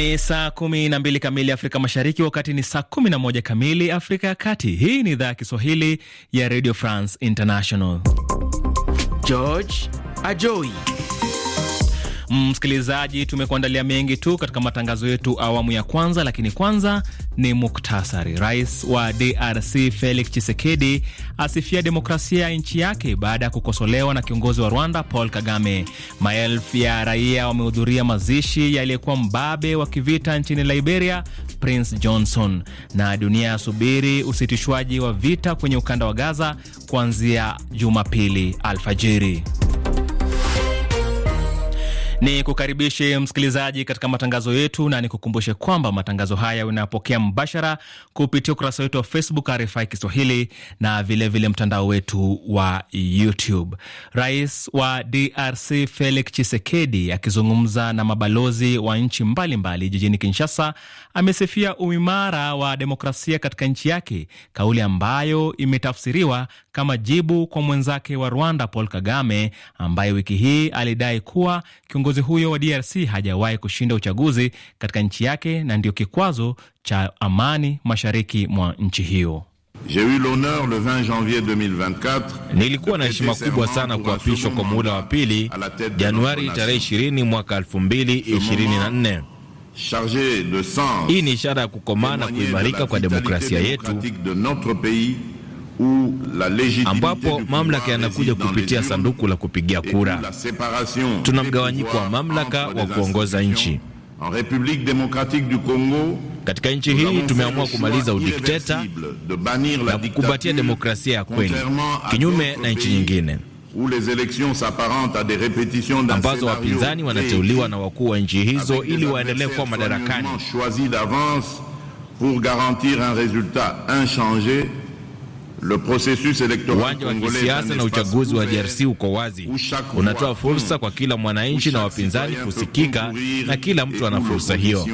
Ni saa kumi na mbili kamili Afrika Mashariki, wakati ni saa kumi na moja kamili Afrika ya Kati. Hii ni idhaa ya Kiswahili ya Radio France International. George Ajoi Msikilizaji, tumekuandalia mengi tu katika matangazo yetu awamu ya kwanza, lakini kwanza ni muktasari. Rais wa DRC Felix Tshisekedi asifia demokrasia ya nchi yake baada ya kukosolewa na kiongozi wa Rwanda Paul Kagame. Maelfu ya raia wamehudhuria mazishi yaliyekuwa mbabe wa kivita nchini Liberia Prince Johnson. Na dunia yasubiri usitishwaji wa vita kwenye ukanda wa Gaza kuanzia Jumapili alfajiri. Ni kukaribishe msikilizaji katika matangazo yetu, na nikukumbushe kwamba matangazo haya unapokea mbashara kupitia ukurasa wetu wa Facebook RFI Kiswahili na vilevile mtandao wetu wa YouTube. Rais wa DRC Felix Tshisekedi akizungumza na mabalozi wa nchi mbalimbali jijini Kinshasa amesifia uimara wa demokrasia katika nchi yake, kauli ambayo imetafsiriwa kama jibu kwa mwenzake wa Rwanda Paul Kagame ambaye wiki hii alidai kuwa kiongozi Kiongozi huyo wa DRC hajawahi kushinda uchaguzi katika nchi yake na ndiyo kikwazo cha amani mashariki mwa nchi hiyo. Nilikuwa na heshima kubwa sana kuapishwa kwa muhula wa pili Januari tarehe 20 mwaka 2024. Hii ni ishara ya kukomaa na kuimarika kwa demokrasia yetu ambapo mamlaka yanakuja kupitia sanduku la kupigia kura. Tuna mgawanyiko wa mamlaka wa kuongoza nchi. Katika nchi hii tumeamua kumaliza udikteta na kukumbatia demokrasia ya kweli, kinyume na nchi nyingine ambazo wapinzani wanateuliwa na wakuu wa nchi hizo ili waendelee kuwa madarakani. Uwanja wa kisiasa na uchaguzi wa DRC uko wazi, unatoa fursa kwa kila mwananchi na wapinzani kusikika, na kila mtu ana fursa hiyo.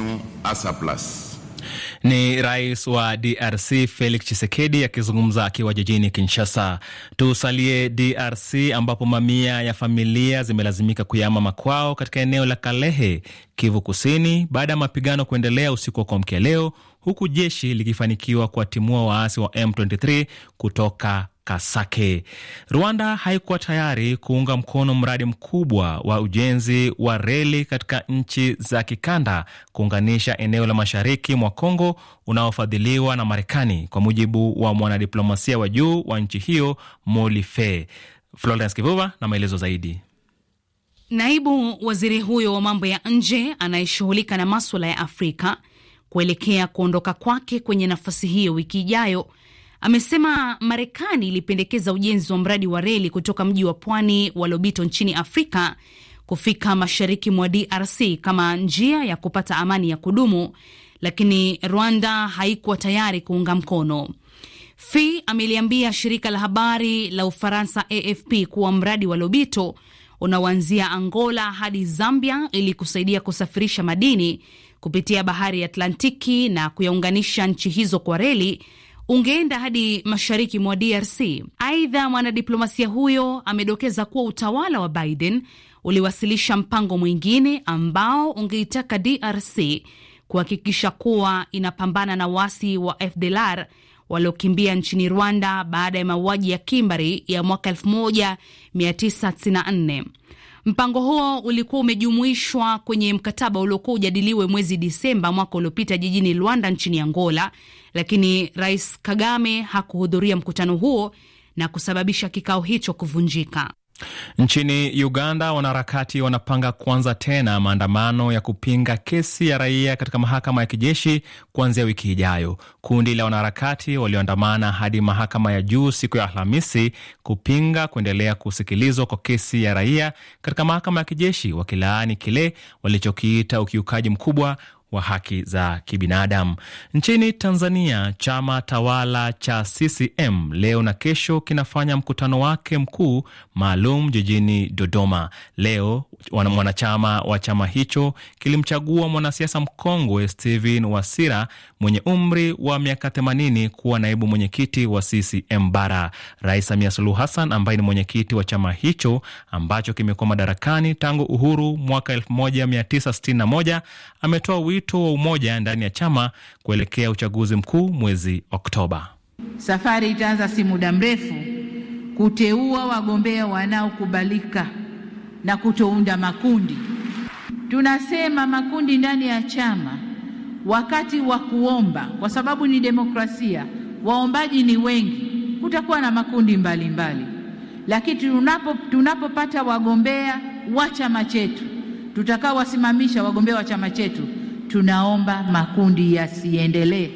Ni rais wa DRC Felix Tshisekedi akizungumza akiwa jijini Kinshasa. Tusalie DRC ambapo mamia ya familia zimelazimika kuyama makwao katika eneo la Kalehe, Kivu Kusini, baada ya mapigano kuendelea usiku wa kuamkia leo, huku jeshi likifanikiwa kuwatimua waasi wa M23 kutoka Kasake. Rwanda haikuwa tayari kuunga mkono mradi mkubwa wa ujenzi wa reli katika nchi za kikanda kuunganisha eneo la mashariki mwa congo unaofadhiliwa na Marekani, kwa mujibu wa mwanadiplomasia wa juu wa nchi hiyo Molife. Florence Kivuva na maelezo zaidi. Naibu waziri huyo wa mambo ya nje anayeshughulika na maswala ya Afrika kuelekea kuondoka kwake kwenye nafasi hiyo wiki ijayo. Amesema Marekani ilipendekeza ujenzi wa mradi wa reli kutoka mji wa pwani wa Lobito nchini Afrika kufika mashariki mwa DRC kama njia ya kupata amani ya kudumu, lakini Rwanda haikuwa tayari kuunga mkono. Fi ameliambia shirika la habari la Ufaransa AFP kuwa mradi wa Lobito unaoanzia Angola hadi Zambia ili kusaidia kusafirisha madini kupitia bahari ya Atlantiki na kuyaunganisha nchi hizo kwa reli ungeenda hadi mashariki mwa DRC. Aidha, mwanadiplomasia huyo amedokeza kuwa utawala wa Biden uliwasilisha mpango mwingine ambao ungeitaka DRC kuhakikisha kuwa inapambana na wasi wa FDLR waliokimbia nchini Rwanda baada ya mauaji ya kimbari ya mwaka 1994. Mpango huo ulikuwa umejumuishwa kwenye mkataba uliokuwa ujadiliwe mwezi Disemba mwaka uliopita jijini Luanda nchini Angola, lakini Rais Kagame hakuhudhuria mkutano huo na kusababisha kikao hicho kuvunjika. Nchini Uganda, wanaharakati wanapanga kuanza tena maandamano ya kupinga kesi ya raia katika mahakama ya kijeshi kuanzia wiki ijayo. Kundi la wanaharakati walioandamana hadi mahakama ya juu siku ya Alhamisi kupinga kuendelea kusikilizwa kwa kesi ya raia katika mahakama ya kijeshi, wakilaani kile walichokiita ukiukaji mkubwa wa haki za kibinadamu. Nchini Tanzania, chama tawala cha CCM leo na kesho kinafanya mkutano wake mkuu maalum jijini Dodoma. Leo mwanachama wa chama hicho kilimchagua mwanasiasa mkongwe Steven Wasira mwenye umri wa miaka 80 kuwa naibu mwenyekiti wa CCM Bara. Rais Samia Suluhu Hassan ambaye ni mwenyekiti wa chama hicho ambacho kimekuwa madarakani tangu uhuru mwaka 1961 ametoa wito wa umoja ndani ya chama kuelekea uchaguzi mkuu mwezi Oktoba. Safari itaanza si muda mrefu kuteua wagombea wanaokubalika na kutounda makundi. Tunasema makundi ndani ya chama wakati wa kuomba, kwa sababu ni demokrasia, waombaji ni wengi, kutakuwa na makundi mbalimbali mbali. Lakini tunapo tunapopata wagombea wa chama chetu tutakaowasimamisha wagombea wa chama chetu tunaomba makundi yasiendelee.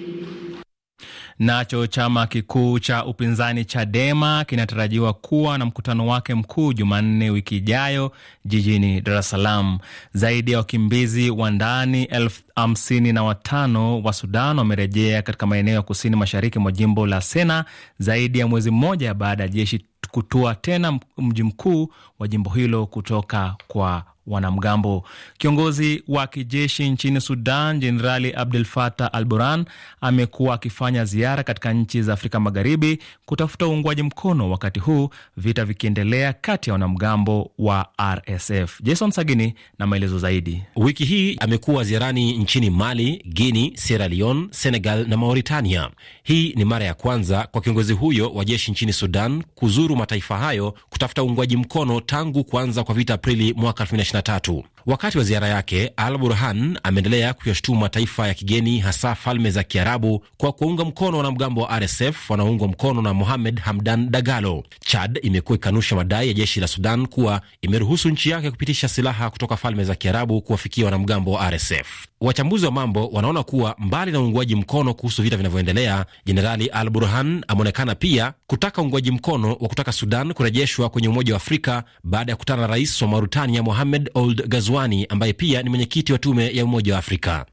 Nacho chama kikuu cha upinzani Chadema kinatarajiwa kuwa na mkutano wake mkuu Jumanne wiki ijayo jijini Dar es Salaam. Zaidi ya wakimbizi wa ndani elfu hamsini na watano wa Sudan wamerejea katika maeneo ya kusini mashariki mwa jimbo la Sena zaidi ya mwezi mmoja baada ya jeshi kutua tena mji mkuu wa jimbo hilo kutoka kwa wanamgambo. Kiongozi wa kijeshi nchini Sudan, Jenerali Abdel Fattah al Burhan, amekuwa akifanya ziara katika nchi za Afrika Magharibi kutafuta uungwaji mkono, wakati huu vita vikiendelea kati ya wanamgambo wa RSF. Jason Sagini na maelezo zaidi. Wiki hii amekuwa ziarani nchini Mali, Guinea, Sierra Leone, Senegal na Mauritania. Hii ni mara ya kwanza kwa kiongozi huyo wa jeshi nchini Sudan kuzuru mataifa hayo kutafuta uungwaji mkono tangu kuanza kwa vita Aprili mwaka Natatu. Wakati wa ziara yake, Al Burhan ameendelea kuyashtuma mataifa ya kigeni, hasa falme za Kiarabu, kwa kuwaunga mkono wanamgambo wa RSF wanaoungwa mkono na Mohamed Hamdan Dagalo. Chad imekuwa ikanusha madai ya jeshi la Sudan kuwa imeruhusu nchi yake kupitisha silaha kutoka falme za Kiarabu kuwafikia wanamgambo wa RSF. Wachambuzi wa mambo wanaona kuwa mbali na uungwaji mkono kuhusu vita vinavyoendelea, Jenerali Al Burhan ameonekana pia kutaka uungwaji mkono wa kutaka Sudan kurejeshwa kwenye Umoja wa Afrika baada ya kukutana na rais wa Mauritania Mohamed Ould Ghazouan Ghazwani ambaye pia ni mwenyekiti wa tume ya Umoja wa Afrika.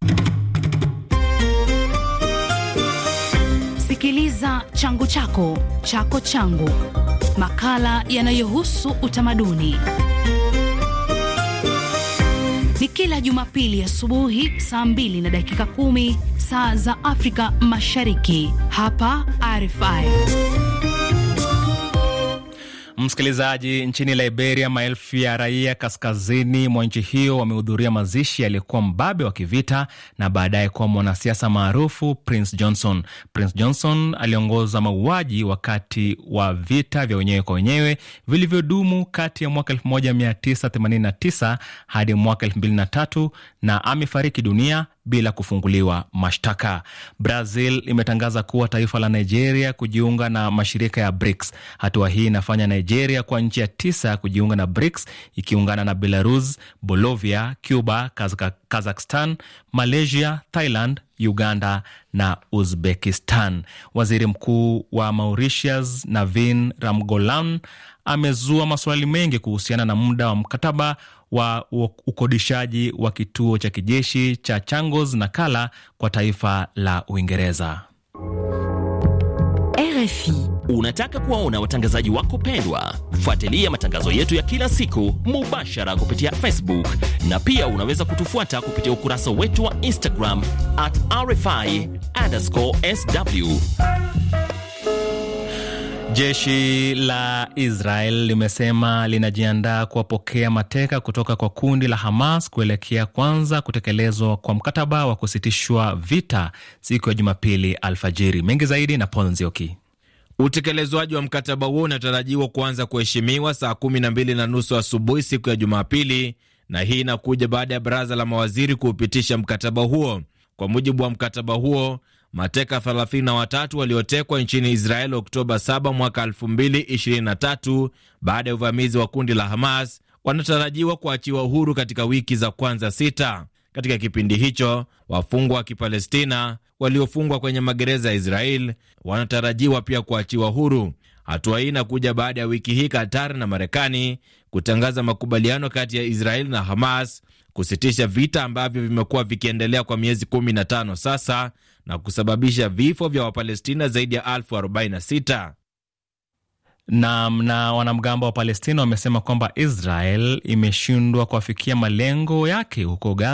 Sikiliza changu chako chako changu, makala yanayohusu utamaduni ni kila Jumapili asubuhi saa 2 na dakika 10 saa za Afrika Mashariki hapa RFI. Msikilizaji, nchini Liberia, maelfu ya raia kaskazini mwa nchi hiyo wamehudhuria mazishi aliyekuwa mbabe wa kivita na baadaye kuwa mwanasiasa maarufu Prince Johnson. Prince Johnson aliongoza mauaji wakati wa vita vya wenyewe kwa wenyewe vilivyodumu kati ya mwaka 1989 hadi mwaka 2003 na amefariki dunia bila kufunguliwa mashtaka. Brazil imetangaza kuwa taifa la Nigeria kujiunga na mashirika ya BRICS. Hatua hii inafanya Nigeria kwa nchi ya tisa kujiunga na BRICS, ikiungana na Belarus, Bolivia, Cuba, Kazakhstan, Malaysia, Thailand, Uganda na Uzbekistan. Waziri Mkuu wa Mauritius Navin Ramgolan amezua maswali mengi kuhusiana na muda wa mkataba wa ukodishaji wa kituo cha kijeshi cha Changos na Kala kwa taifa la Uingereza. RFI. Unataka kuwaona watangazaji wako pendwa? Fuatilia matangazo yetu ya kila siku mubashara kupitia Facebook na pia unaweza kutufuata kupitia ukurasa wetu wa Instagram at RFI_sw. Jeshi la Israel limesema linajiandaa kuwapokea mateka kutoka kwa kundi la Hamas kuelekea kwanza kutekelezwa kwa mkataba wa kusitishwa vita siku ya Jumapili alfajiri. Mengi zaidi na Paul Nzioki. Utekelezwaji wa mkataba huo unatarajiwa kuanza kuheshimiwa saa kumi na mbili na nusu asubuhi siku ya Jumapili, na hii inakuja baada ya baraza la mawaziri kuupitisha mkataba huo. Kwa mujibu wa mkataba huo Mateka 33 waliotekwa nchini israel Oktoba 7 mwaka 2023 baada ya uvamizi wa kundi la Hamas wanatarajiwa kuachiwa uhuru katika wiki za kwanza sita. Katika kipindi hicho, wafungwa wa Kipalestina waliofungwa kwenye magereza ya israel wanatarajiwa pia kuachiwa huru. Hatua hii inakuja baada ya wiki hii katar na Marekani kutangaza makubaliano kati ya israel na Hamas kusitisha vita ambavyo vimekuwa vikiendelea kwa miezi 15 sasa na kusababisha vifo vya Wapalestina zaidi ya elfu nam na Naam, na wanamgambo wa Palestina wamesema kwamba Israel imeshindwa kuafikia malengo yake huko Gaza.